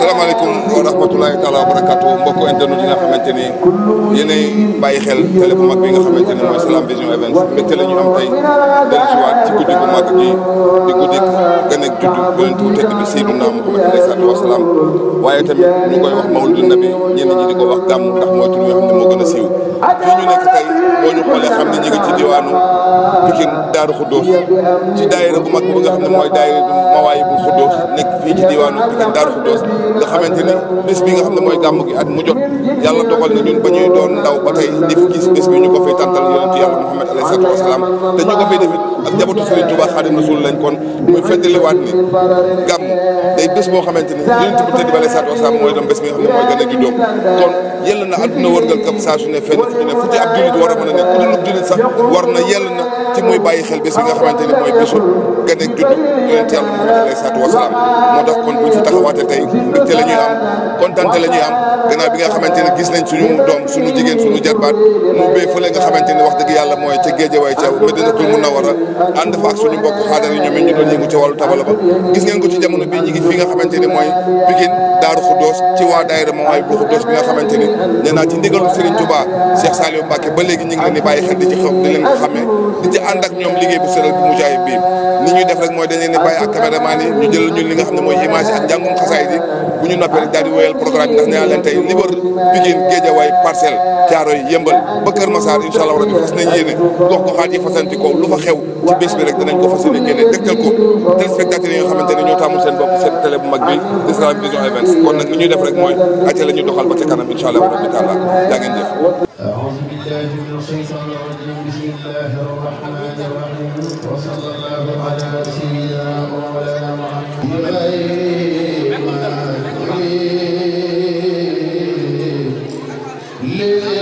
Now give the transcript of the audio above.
salaamaaleykum wa rahmatulahi taala wa mbokk mbokku internet yi nga xamante ni yéenay bàyyi xel télé bu mag bi nga xamante ni mooy Salam Vision Events mbégte la ñu am tey dellu si waat ci guddi gu mag gi di guddi gën juddu yonent bu bi Seydina Muhammad alayhi salaatu wa salaam waaye tamit ñu koy wax mawlidu nabi ñenn ñi di ko wax gàmm ndax mooy tur xam ne moo gën a siiw fii ñu nekk tey boo ñu xoolee xam ne ñu ngi ci diwaanu Pikine Daaru Xuddoos ci daayira bu mag bi nga xam ne mooy daayira bu Mawaayi bu Xuddoos nekk fii ci diwaanu Pikine Daaru Xuddoos nga xamante ni bés bi nga xam ne mooy gàmm gi at mu jot yàlla dogal na ñun ba ñuy doon ndaw ba tey di fi gis bés bi ñu ko fay tàntal yonent yàlla Muhammad alayhi salaatu wa salaam te ñu ko fay def ak njabootu Sëriñ Tuubaa Xaadimu Rasuul lañ kon muy fàttaliwaat ni gàmm day bés boo xamante ni yonent bi tëdd bi alayhi salaatu wa salaam mooy doon bés bi nga xam ne mooy gën a juddoom kon yàlla na àdduna wërgal kam saa su ne fenn fu ci ne fu ci ab jullit war a mën a ne ku dul jullit sax war na yell na ci muy bàyyi xel bés bi nga xamante ne mooy bésu gane ak juddu yonent yàlla Muhammad alayhi salaatu wasalaam moo tax kon bu ñu fi taxawaatee tey mbégte la ñuy am kontaante la ñuy am gannaaw bi nga xamante ne gis nañ suñu doom suñu jigéen suñu jarbaat mu bee fële nga xamante ne wax dëgg yàlla mooy ca Géejawaay ca Madinatul Munawwara ànd fa ak suñu mbokk xaadar yi ñoom it ñu doon yëngu ci wàllu tabala ba gis ngeen ko ci jamono bi ñi ngi fi nga xamante ne mooy Pikine Daaru Xuddoos ci waa daayira moom ay bu Xuddoos bi nga xamante ne nee naa ci ndigalu Serigne Touba Cheikh Saliou Mbacké ba léegi ñi leen di bàyyi xel di ci xam di leen ko xamee di ci ànd ak ñoom liggéey bu sëral bu mujaay bii ni ñuy def rek mooy dañ leen di bàyyi ak caméraman yi ñu jël ñun li nga xam ne mooy image ak njàngum xasaay yi bu ñu noppee daal di programme ndax nee naa leen tey libar Pikine Géejawaay Parcelles Caaroy Yëmbal ba Kër Masaar incha allah rabbi fas nañ yéene gox goxaat yi fasanti ko lu fa xew ci bés bi rek danañ ko fas yéene génne dëkkal ko téléspectateurs yi nga بالله من الشيطان الرجيم بسم الله الرحمن الرحيم وصلى الله على سيدنا ومولانا محمد غير ما لله